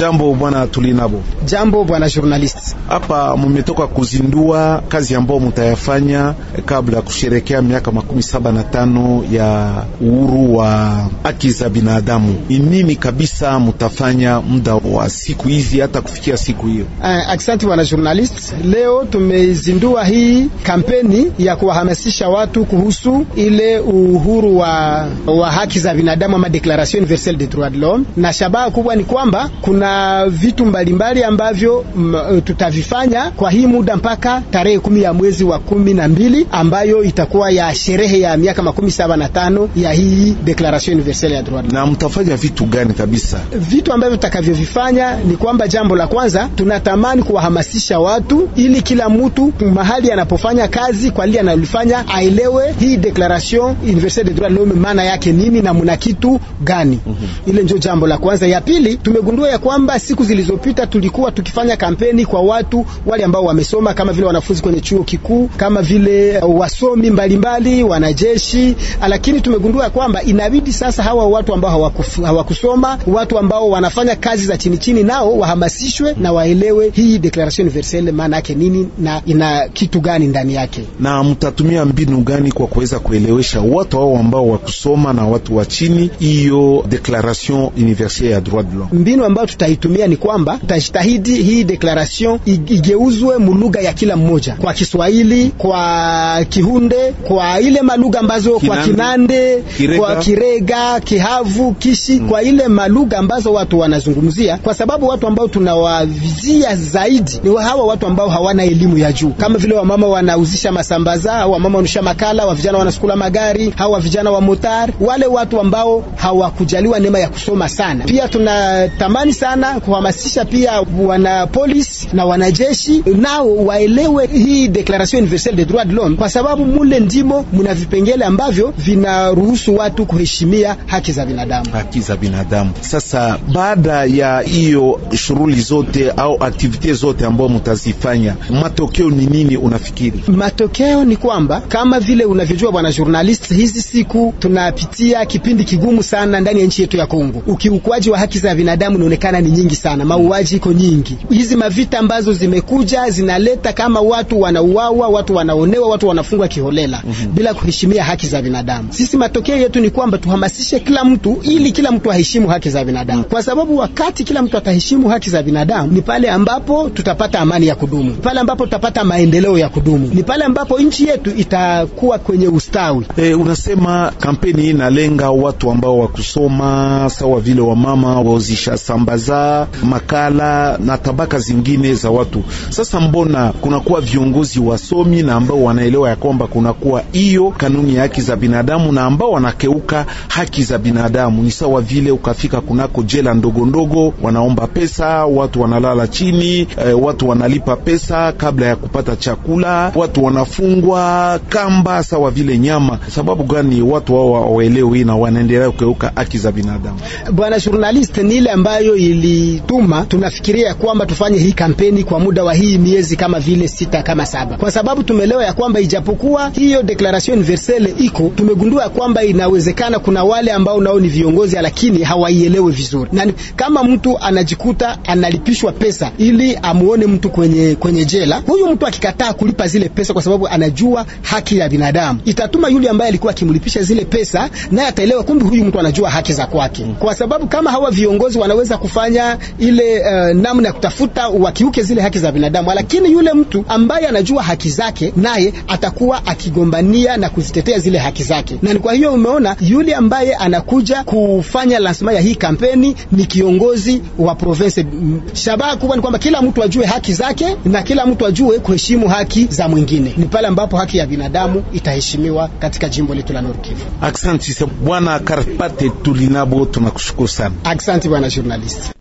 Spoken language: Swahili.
Jambo bwana Tulinabo. Jambo bwana journalist. Hapa mumetoka kuzindua kazi ambayo mutayafanya kabla ya kusherekea miaka makumi saba na tano ya uhuru wa haki za binadamu. Ni nini kabisa mutafanya muda wa siku hizi hata kufikia siku hiyo? Uh, asante bwana journalist. Leo tumezindua hii kampeni ya kuwahamasisha watu kuhusu ile uhuru wa, wa haki za binadamu ama Declaration Universelle des Droits de l'Homme, na shabaha kubwa ni kwamba kuna kuna vitu mbalimbali ambavyo m, eh, tutavifanya kwa hii muda mpaka tarehe kumi ya mwezi wa kumi na mbili ambayo itakuwa ya sherehe ya miaka makumi saba na tano ya hii Declaration Universelle ya Droit. Na mtafanya vitu gani kabisa? Vitu ambavyo tutakavyovifanya ni kwamba jambo la kwanza tunatamani kuwahamasisha watu ili kila mtu mahali anapofanya kazi kwa lile analifanya aelewe hii Declaration Universelle des Droits de l'Homme maana yake nini na muna kitu gani. Mm -hmm. Ile ndio jambo la kwanza. Ya pili tumegundua ya kwamba kwamba siku zilizopita tulikuwa tukifanya kampeni kwa watu wale ambao wamesoma kama vile wanafunzi kwenye chuo kikuu, kama vile uh, wasomi mbalimbali wanajeshi, ah, lakini tumegundua kwamba inabidi sasa hawa watu ambao hawakufu, hawakusoma watu ambao wanafanya kazi za chini chini, nao wahamasishwe na waelewe hii declaration universelle maana yake nini na ina kitu gani ndani yake, na mtatumia mbinu gani kwa kuweza kuelewesha watu hao ambao wakusoma na watu wa chini hiyo declaration universelle ya droit de l'homme, mbinu ambayo tutaitumia ni kwamba tutajitahidi hii declaration igeuzwe mulugha ya kila mmoja, kwa Kiswahili, kwa Kihunde, kwa ile malugha ambazo kwa Kinande, Kirega, kwa Kirega, Kihavu, Kishi mm. kwa ile malugha ambazo watu wanazungumzia, kwa sababu watu ambao tunawavizia zaidi ni hawa watu ambao hawana elimu ya juu, kama vile wamama wanauzisha masambaza au wamama wanusha makala, wa vijana wanasukula magari au wavijana vijana wa motar, wale watu ambao hawakujaliwa neema ya kusoma sana. Pia tunatamani sana vijana, kuhamasisha pia wana polisi na wanajeshi nao waelewe hii Declaration Universelle des Droits de l'Homme, kwa sababu mule ndimo muna vipengele ambavyo vinaruhusu watu kuheshimia haki za binadamu, haki za binadamu. Sasa baada ya hiyo shughuli zote au aktivite zote ambao mtazifanya, matokeo ni nini unafikiri? Matokeo ni kwamba kama vile unavyojua bwana journalist, hizi siku tunapitia kipindi kigumu sana ndani ya nchi yetu ya Kongo. Ukiukwaji wa haki za binadamu unaonekana ni nyingi sana, mauaji iko nyingi. Hizi mavita ambazo zimekuja zinaleta kama watu wanauawa, watu wanaonewa, watu wanafungwa kiholela mm -hmm. bila kuheshimia haki za binadamu. Sisi matokeo yetu ni kwamba tuhamasishe kila mtu, ili kila mtu aheshimu haki za binadamu, kwa sababu wakati kila mtu ataheshimu haki za binadamu ni pale ambapo tutapata amani ya kudumu, pale ambapo tutapata maendeleo ya kudumu, ni pale ambapo nchi yetu itakuwa kwenye ustawi. E, unasema kampeni inalenga watu ambao wakusoma sawa vile wamama wauzisha sambaza za makala na tabaka zingine za watu. Sasa mbona kunakuwa viongozi wasomi na ambao wanaelewa ya kwamba kunakuwa hiyo kanuni ya haki za binadamu na ambao wanakeuka haki za binadamu? Ni sawa vile ukafika kunako jela ndogo ndogo, wanaomba pesa, watu wanalala chini, e, watu wanalipa pesa kabla ya kupata chakula, watu wanafungwa kamba sawa vile nyama. Sababu gani watu hao hawaelewi na wanaendelea kukeuka haki za binadamu? Bwana journalist, ni ile ambayo ili ilituma tunafikiria ya kwamba tufanye hii kampeni kwa muda wa hii miezi kama vile sita kama saba, kwa sababu tumelewa ya kwamba ijapokuwa hiyo declaration universelle iko, tumegundua kwamba inawezekana kuna wale ambao nao ni viongozi lakini hawaielewe vizuri, na kama mtu anajikuta analipishwa pesa ili amuone mtu kwenye, kwenye jela, huyu mtu akikataa kulipa zile pesa kwa sababu anajua haki ya binadamu, itatuma yule ambaye alikuwa akimlipisha zile pesa, naye ataelewa kumbe huyu mtu anajua haki za kwake, kwa sababu kama hawa viongozi wanaweza kufanya kufanya ile uh, namna ya kutafuta wakiuke zile haki za binadamu, lakini yule mtu ambaye anajua haki zake naye atakuwa akigombania na kuzitetea zile haki zake. Na kwa hiyo umeona, yule ambaye anakuja kufanya lansema ya hii kampeni ni kiongozi wa province. Shabaha kubwa ni kwamba kila mtu ajue haki zake na kila mtu ajue kuheshimu haki za mwingine. Ni pale ambapo haki ya binadamu itaheshimiwa katika jimbo letu la Nord Kivu. Asante bwana Karpate Tulinabo, tunakushukuru sana. Asante bwana journalist.